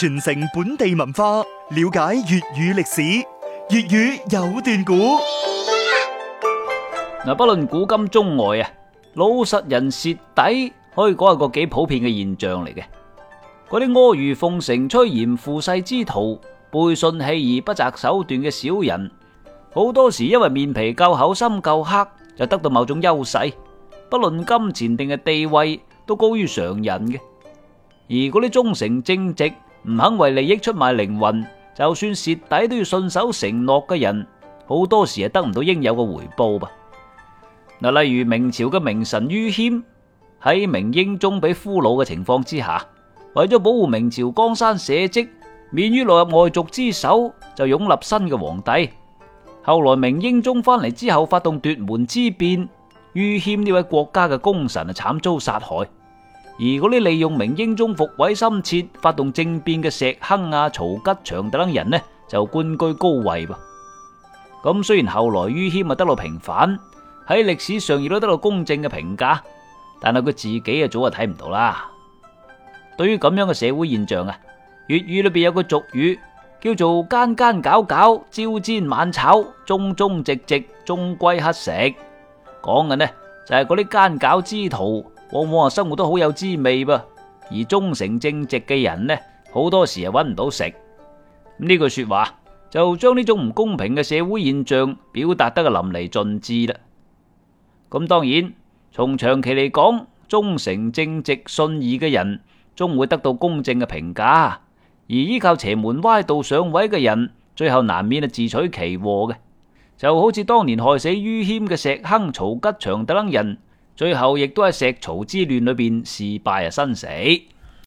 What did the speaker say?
傳承本地文化，了解粵語歷史，粵語有段古嗱。不論古今中外啊，老實人蝕底可以講係個幾普遍嘅現象嚟嘅。嗰啲阿諛奉承、趨炎附勢之徒、背信棄義、不擇手段嘅小人，好多時因為面皮夠厚、心夠黑，就得到某種優勢，不論金錢定係地位，都高於常人嘅。而嗰啲忠誠正直。唔肯為利益出賣靈魂，就算蝕底都要信守承諾嘅人，好多時係得唔到應有嘅回報噃，嗱，例如明朝嘅明神名臣于謙，喺明英宗俾俘虜嘅情況之下，為咗保護明朝江山社稷，免於落入外族之手，就擁立新嘅皇帝。後來明英宗翻嚟之後，發動奪門之變，于謙呢位國家嘅功臣啊，慘遭殺害。而嗰啲利用明英宗復位心切，發動政變嘅石亨啊、曹吉祥等人呢，就官居高位噃。咁雖然後來于謙得到平反，喺歷史上亦都得到公正嘅評價，但係佢自己啊，早就睇唔到啦。對於咁樣嘅社會現象啊，粵語裏邊有個俗語叫做“奸奸狡狡，朝煎晚炒，忠忠直直，終歸乞食”，講嘅呢就係嗰啲奸狡之徒。往往啊，生活都好有滋味噃，而忠誠正直嘅人呢，好多時係搵唔到食。呢句說話就將呢種唔公平嘅社會現象表達得淋漓盡致啦。咁當然，從長期嚟講，忠誠正直、信義嘅人終會得到公正嘅評價，而依靠邪門歪道上位嘅人，最後難免係自取其禍嘅。就好似當年害死于謙嘅石亨、曹吉祥等人。最後亦都喺石曹之亂裏邊事敗啊，身死。